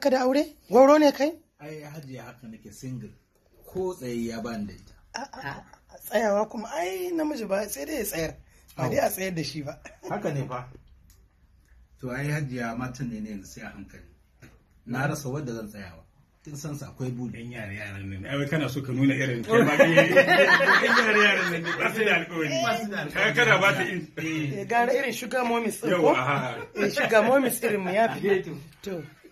Ka da aure? Gwauro ne kai? Ai ya haka nake single ko tsaye ya bani da ita. Tsayawa kuma ai namiji ba sai dai ya tsayar. Ba dai a tsayar da shi ba. Haka ne fa. To ai ya matan ne ne sai a hankali. Na rasa wadda zan tsayawa. kin san su akwai buɗe. yan yare yaran nan ai kana so ka nuna irin kai ba ki eh, yan yare yaran nan ba su da alƙawari ba su da alƙawari kana ba ta in eh, gara irin sugar mommies ko eh sugar mommies irin mu fi. to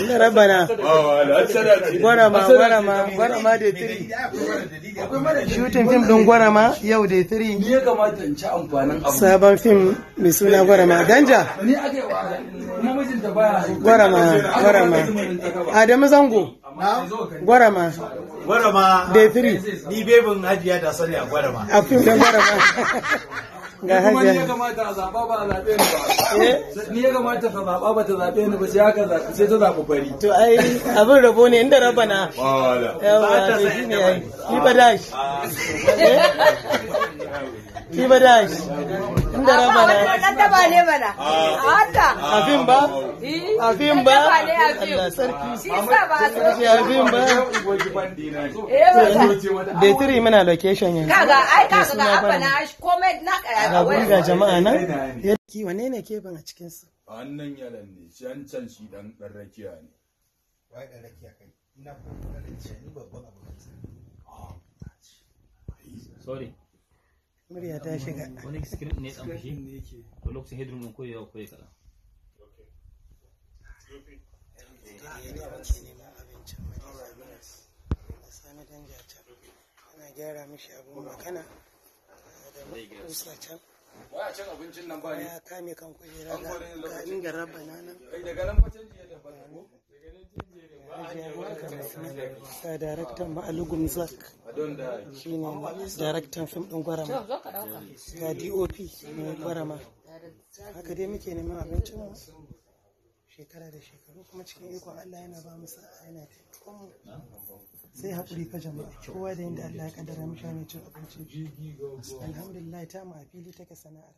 inna gwarama gwarama gwarama da tiri yau da tiri ya sabon fim mai suna gwarama danja ni zango gwarama gwarama da sani a gwarama a fim gwarama ga kuma ni ya kamata a zaɓa ba a zaɓe ni ba eh? ni ya kamata ka zaɓa ba ta zaɓe ni ba sai aka zaɓi sai ta zaɓi bari to ai abin rabo ne inda raba na yawa ta shi ne ba. ni ba dashi ah. eh? shi ba da shi inda raba na wannan daba ne bana ah. haka afin ba eh. afin ba Allah sarki shi sa ba shi afin ba eh, da tiri muna location yanzu kaga ai kaga ga abba na komai na kaya ga jama'a nan yaki wanne ne kefin a cikin su wannan yalan ne can can shi dan dan rakiya ne wai dan rakiya kai ina dan rakiya ni babban ah. sorry murya ta shiga wani screen ne dan fashi to lokacin headroom din koyo yawa koyo kaza ana gyara mishi abun makana da can abincin nan ba ne ya kame kan kujera ga ga rabba na nan daga nan fa canji ya ko daga nan canji ya daraktan ma'alugum zak shine daraktan fim ɗin gwarama ga dop na gwarama haka dai muke neman abincin mu shekara da shekaru kuma cikin ikon Allah yana ba mu sa'a yana taimakon mu sai haƙuri ka jama'a kowa da yadda Allah ya kaddara mu sha mai cin abinci alhamdulillah ta mu a fili take sana'ar